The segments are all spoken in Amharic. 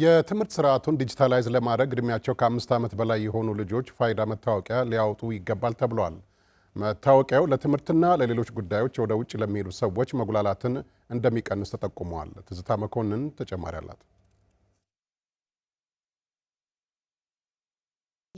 የትምህርት ስርዓቱን ዲጂታላይዝ ለማድረግ እድሜያቸው ከአምስት ዓመት በላይ የሆኑ ልጆች ፋይዳ መታወቂያ ሊያወጡ ይገባል ተብሏል። መታወቂያው ለትምህርትና ለሌሎች ጉዳዮች ወደ ውጭ ለሚሄዱ ሰዎች መጉላላትን እንደሚቀንስ ተጠቁመዋል ትዝታ መኮንን ተጨማሪ አላት።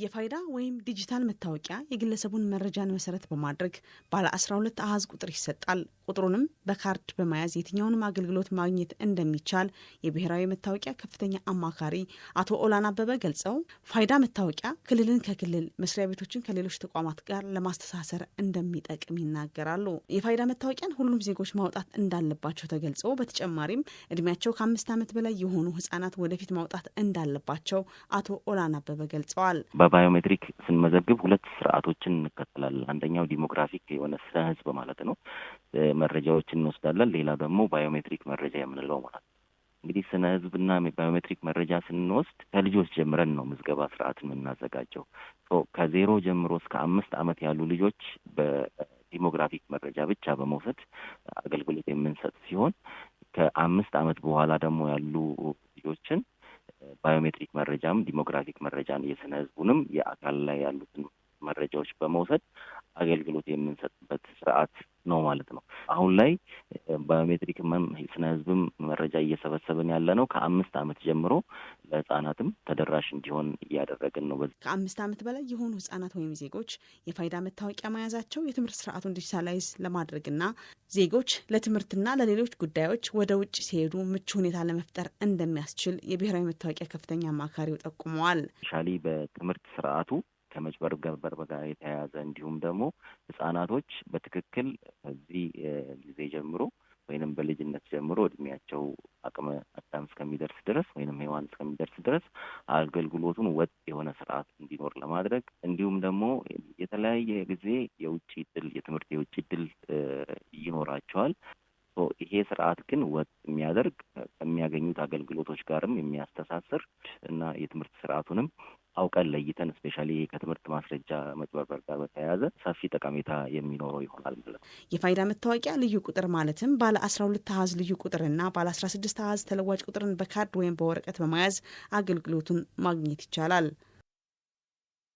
የፋይዳ ወይም ዲጂታል መታወቂያ የግለሰቡን መረጃን መሰረት በማድረግ ባለ 12 አሃዝ ቁጥር ይሰጣል። ቁጥሩንም በካርድ በመያዝ የትኛውንም አገልግሎት ማግኘት እንደሚቻል የብሔራዊ መታወቂያ ከፍተኛ አማካሪ አቶ ኦላን አበበ ገልጸው ፋይዳ መታወቂያ ክልልን ከክልል መስሪያ ቤቶችን ከሌሎች ተቋማት ጋር ለማስተሳሰር እንደሚጠቅም ይናገራሉ። የፋይዳ መታወቂያን ሁሉም ዜጎች ማውጣት እንዳለባቸው ተገልጾ በተጨማሪም እድሜያቸው ከአምስት ዓመት በላይ የሆኑ ህጻናት ወደፊት ማውጣት እንዳለባቸው አቶ ኦላን አበበ ገልጸዋል። በባዮሜትሪክ ስንመዘግብ ሁለት ስርዓቶችን እንከተላለን። አንደኛው ዲሞግራፊክ የሆነ ስነ ህዝብ ማለት ነው፣ መረጃዎችን እንወስዳለን። ሌላ ደግሞ ባዮሜትሪክ መረጃ የምንለው ማለት ነው። እንግዲህ ስነ ህዝብና ባዮሜትሪክ መረጃ ስንወስድ ከልጆች ጀምረን ነው ምዝገባ ስርዓት የምናዘጋጀው። ከዜሮ ጀምሮ እስከ አምስት ዓመት ያሉ ልጆች በዲሞግራፊክ መረጃ ብቻ በመውሰድ አገልግሎት የምንሰጥ ሲሆን ከአምስት ዓመት በኋላ ደግሞ ያሉ ልጆችን ባዮሜትሪክ መረጃም ዲሞግራፊክ መረጃን የስነ ህዝቡንም የአካል ላይ ያሉትን መረጃዎች በመውሰድ አገልግሎት የምንሰጥበት ስርዓት ነው ማለት ነው። አሁን ላይ ባዮሜትሪክ ስነ ህዝብም መረጃ እየሰበሰብን ያለ ነው። ከአምስት ዓመት ጀምሮ ለህጻናትም ተደራሽ እንዲሆን እያደረግን ነው። ከአምስት ዓመት በላይ የሆኑ ህጻናት ወይም ዜጎች የፋይዳ መታወቂያ መያዛቸው የትምህርት ስርዓቱን ዲጂታላይዝ ለማድረግና ዜጎች ለትምህርትና ለሌሎች ጉዳዮች ወደ ውጭ ሲሄዱ ምቹ ሁኔታ ለመፍጠር እንደሚያስችል የብሔራዊ መታወቂያ ከፍተኛ አማካሪው ጠቁመዋል። ሻሊ በትምህርት ስርዓቱ ከመጭበርበር ጋር የተያያዘ እንዲሁም ደግሞ ህጻናቶች በትክክል እዚህ ጊዜ ጀምሮ ወይንም በልጅነት ጀምሮ እድሜያቸው አቅመ አዳም እስከሚደርስ ድረስ ወይንም ሔዋን እስከሚደርስ ድረስ አገልግሎቱን ወጥ የሆነ ስርዓት እንዲኖር ለማድረግ እንዲሁም ደግሞ የተለያየ ጊዜ የውጭ ድል የትምህርት የውጭ ድል ይኖራቸዋል። ይሄ ስርዓት ግን ወጥ የሚያደርግ ከሚያገኙት አገልግሎቶች ጋርም የሚያስተሳስር እና የትምህርት ስርዓቱንም አውቀን ለይተን ስፔሻሊ ከትምህርት ማስረጃ መጭበርበር ጋር በተያያዘ ሰፊ ጠቀሜታ የሚኖረው ይሆናል ማለት ነው። የፋይዳ መታወቂያ ልዩ ቁጥር ማለትም ባለ አስራ ሁለት አሀዝ ልዩ ቁጥርና ባለ አስራ ስድስት አሀዝ ተለዋጭ ቁጥርን በካርድ ወይም በወረቀት በመያዝ አገልግሎቱን ማግኘት ይቻላል።